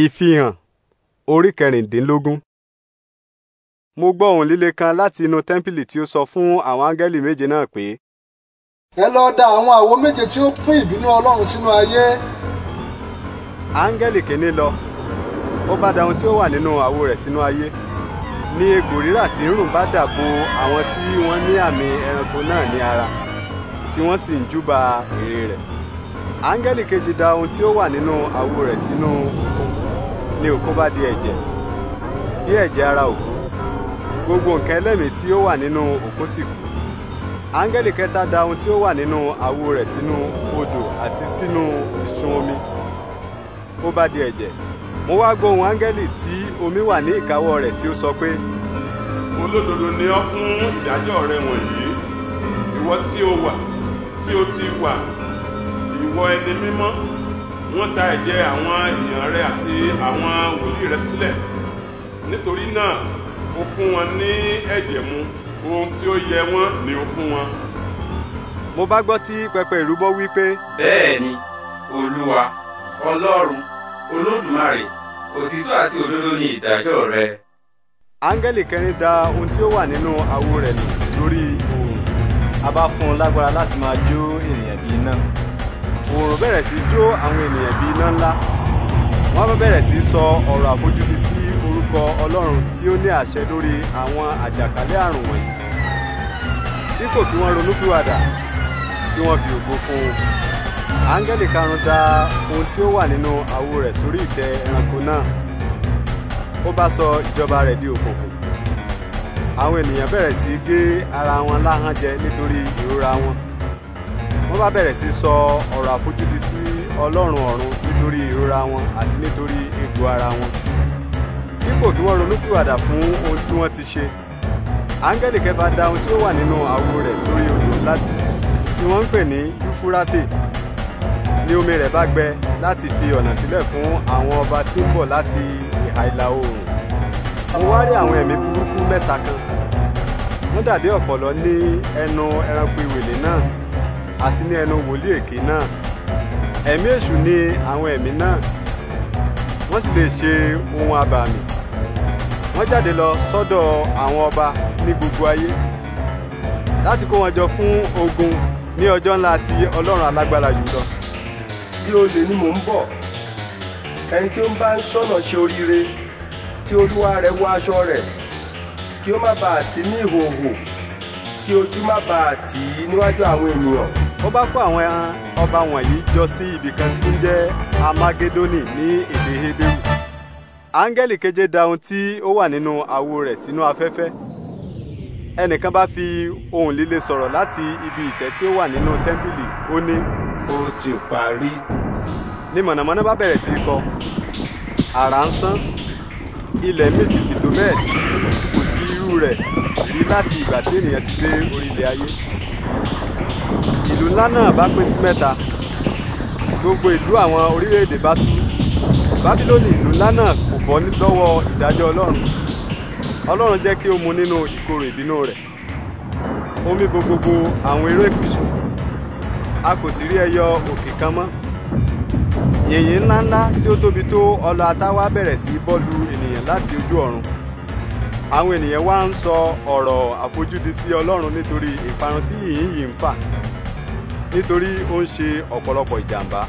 Ìfihàn orí kẹrìndínlógún. Mo gbọ́ ohùn líle kan láti inú tẹ́ḿpìlì tí ó sọ fún àwọn áńgẹ́lì méje náà pé. Ẹ lọ da àwọn àwo méje tí ó fún ìbínú Ọlọ́run sínú ayé. Áńgẹ́lì kìíní lọ, ó bá da ohun tí ó wà nínú àwo rẹ̀ sínú ayé. Ni egbò rírà tí ń rùn bá dàbò àwọn tí wọ́n ní àmì ẹranko náà ní ara, tí wọ́n sì ń júbà ère rẹ̀. Áńgẹ́lì kejì da ohun tí ó wà nínú àwo rẹ̀ sínú ayé ni òkú bá di ẹ̀jẹ̀ bí ẹ̀jẹ̀ ara òkú gbogbo nǹkan ẹlẹ́mìí tí ó wà nínú òkú sì kú áńgẹ́lì kẹta da ohun tí ó wà nínú àwo rẹ̀ sínú odò àti sínú ìsun omi ó bá di ẹ̀jẹ̀ mo wá gbóhùn áńgẹ́lì tí omi wà ní ìkáwọ́ rẹ̀ tí ó sọ pé. olódodo ni ọ́ fún ìdájọ́ rẹ wọ̀nyí ìwọ tí o wà tí o ti wà ìwọ ẹni mímọ́ wọ́n ta ẹ̀jẹ̀ àwọn èèyàn rẹ àwọn wòlíì rẹ sílẹ̀ nítorí náà ó fún wọn ní ẹ̀jẹ̀ mu ohun tí ó yẹ wọ́n ni ó fún wọn. mo bá gbọ́ tí pẹpẹ ìrúbọ wí pé. bẹ́ẹ̀ ni olúwa ọlọ́run olódùmarè òtítọ́ àti òdodo ni ìdájọ́ rẹ. áńgẹ́lì kẹrin da ohun tí ó wà nínú àwo rẹ̀ nù lórí oòrùn a bá fún un lágbára láti máa jó ènìyàn bíi iná oòrùn bẹ̀rẹ̀ sí jó àwọn ènìyàn bíi iná ńlá wọ́n fẹ́ bẹ̀rẹ̀ sí sọ ọ̀rọ̀ àfojúdi sí orúkọ ọlọ́run tí ó ní àṣẹ lórí àwọn àjàkálẹ̀ àrùn wọ̀nyí dípò kí wọ́n ronúpìwàdà kí wọ́n fi ògo fún un áńgẹ́lì karùn da ohun tí ó wà nínú àwo rẹ̀ sórí ìtẹ́ ẹranko náà ó bá sọ ìjọba rẹ̀ di òkùnkùn àwọn ènìyàn bẹ̀rẹ̀ sí gé ara wọn láhán jẹ nítorí ìrora wọn wọ́n bá bẹ̀rẹ̀ sí sọ ọ̀rọ̀ àfojúdi sí ọlọ́run ọ̀run nítorí ìrora wọn àti nítorí egbò ara wọn dípò kí wọ́n ronúpìwàdà fún ohun tí wọ́n ti ṣe áńgẹ́lì kẹfà da ohun tí ó wà nínú àwo rẹ̀ sórí odò láti tí wọ́n ń pè ní yúfúrátè ni omi rẹ̀ bá gbẹ láti fi ọ̀nà sílẹ̀ fún àwọn ọba tí ń bọ̀ láti ìhà ìlà oòrùn mo wá rí àwọn ẹ̀mí burúkú mẹ́ta kan wọ́n dàbí ọ̀pọ̀lọ́ ní ẹnu ẹranko ìwèlè náà àti ní ẹnu wòlíì èké náà ẹ̀mí èṣù ni àwọn ẹ̀mí náà wọ́n sì lè ṣe ohun abàmì wọ́n jáde lọ sọ́dọ̀ àwọn ọba ní gbogbo ayé láti kó wọn jọ fún ogun ní ọjọ́ ńlá ti ọlọ́run alágbára jùlọ. bí olè ni mò ń bọ̀ ẹni tí ó ń bá ń ṣọ́nà ṣe oríire tí olúwa rẹ̀ wọ aṣọ rẹ̀ kí ó má bàa sí ní ìhòòhò kí ojú má bàa tì í níwájú àwọn ènìyàn ó bá kó àwọn ọba wọ̀nyí jọ sí ibì kan tí ń jẹ́ amagedoni ní èdè Hébrù áńgẹ́lì keje da ohun tí ó wà nínú àwo rẹ̀ sínú afẹ́fẹ́ ẹnìkan bá fi ohùn líle sọ̀rọ̀ láti ibi ìtẹ́ tí ó wà nínú tẹ́ḿpìlì ó ní. ó ti parí. ni mọ̀nàmọ́ná bá bẹ̀rẹ̀ sí í kọ àrá ń sán ilẹ̀ mì tìtì tó bẹ́ẹ̀ tí rẹ̀ rí láti ìgbà tí ènìyàn ti dé orílẹ̀ ayé ìlú ńlá náà bá pín sí mẹ́ta gbogbo ìlú àwọn orílẹ̀-èdè bá tú bábílónì ìlú ńlá náà kò bọ́ lọ́wọ́ ìdájọ́ ọlọ́run ọlọ́run jẹ́ kí ó mu nínú ìkorò ìbínú rẹ̀ ó gbogbogbò àwọn eré ìkùsù a kò sì rí ẹyọ òkè kan mọ́ yìnyín ńláńlá tí ó tóbi tó ọlọ ata bẹ̀rẹ̀ sí bọ́ọ̀lù ènìyàn láti ojú ọ̀run àwọn ènìyàn wá ń sọ ọ̀rọ̀ àfojúdi sí ọlọ́run nítorí ìparun tí yìnyín yìí ń fà nítorí ó ń ṣe ọ̀pọ̀lọpọ̀ ìjàmbá.